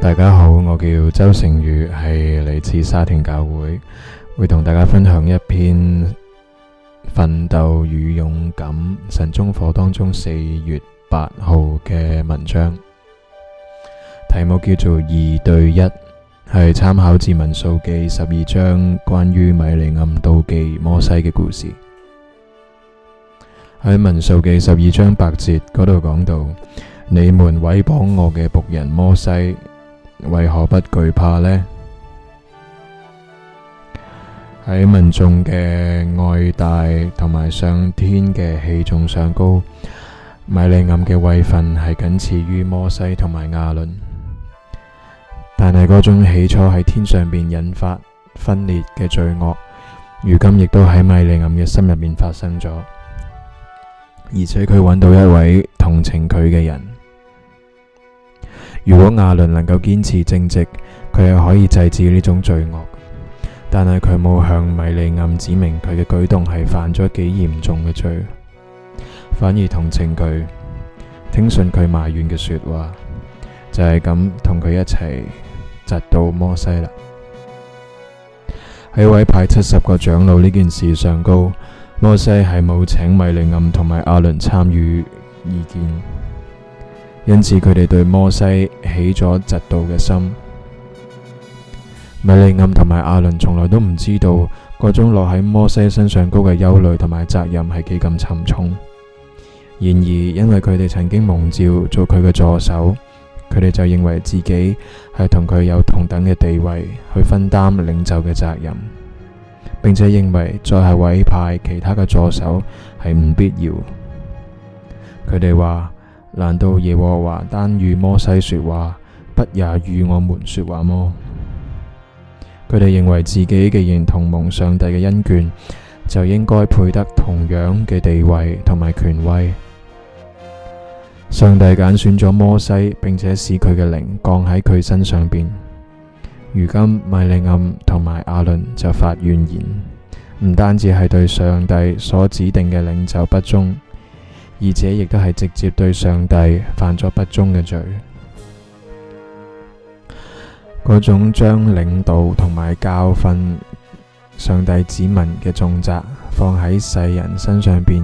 大家好，我叫周成宇，係嚟自沙田教會，會同大家分享一篇奮鬥與勇敢神中火當中四月八號嘅文章，題目叫做二對一，係參考自民數記十二章關於米利暗妒忌摩西嘅故事。喺《民數記》十二章百節嗰度講到，你們毀謗我嘅僕人摩西，為何不懼怕呢？喺民眾嘅愛戴同埋上天嘅器重上高，米利暗嘅位份係僅次於摩西同埋亞倫。但係嗰種起初喺天上邊引發分裂嘅罪惡，如今亦都喺米利暗嘅心入面發生咗。而且佢搵到一位同情佢嘅人。如果亞倫能夠堅持正直，佢係可以制止呢種罪惡。但係佢冇向米利暗指明佢嘅舉動係犯咗幾嚴重嘅罪，反而同情佢，聽信佢埋怨嘅說話，就係咁同佢一齊窒到摩西啦。喺委派七十個長老呢件事上高。摩西係冇請米利暗同埋阿倫參與意見，因此佢哋對摩西起咗嫉妒嘅心。米利暗同埋阿倫從來都唔知道，嗰種落喺摩西身上高嘅憂慮同埋責任係幾咁沉重。然而，因為佢哋曾經蒙召做佢嘅助手，佢哋就認為自己係同佢有同等嘅地位，去分擔領袖嘅責任。並且認為再係委派其他嘅助手係唔必要。佢哋話：難道耶和華單與摩西說話，不也與我們說話麼？佢哋認為自己既然同蒙上帝嘅恩眷，就應該配得同樣嘅地位同埋權威。上帝揀選咗摩西，並且使佢嘅靈降喺佢身上邊。如今米利暗同埋亞倫就發怨言，唔單止係對上帝所指定嘅領袖不忠，而且亦都係直接對上帝犯咗不忠嘅罪。嗰種將領導同埋教訓上帝子民嘅重責放喺世人身上邊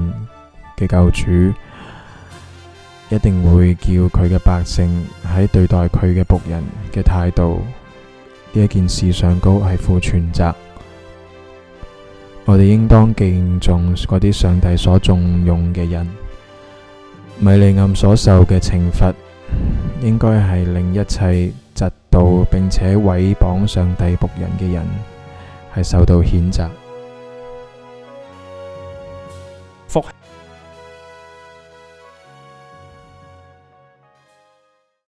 嘅救主，一定會叫佢嘅百姓喺對待佢嘅僕人嘅態度呢一件事上高係負全責，我哋應當敬重嗰啲上帝所重用嘅人。米利暗所受嘅懲罰，應該係令一切嫉妒並且毀謗上帝僕人嘅人，係受到譴責。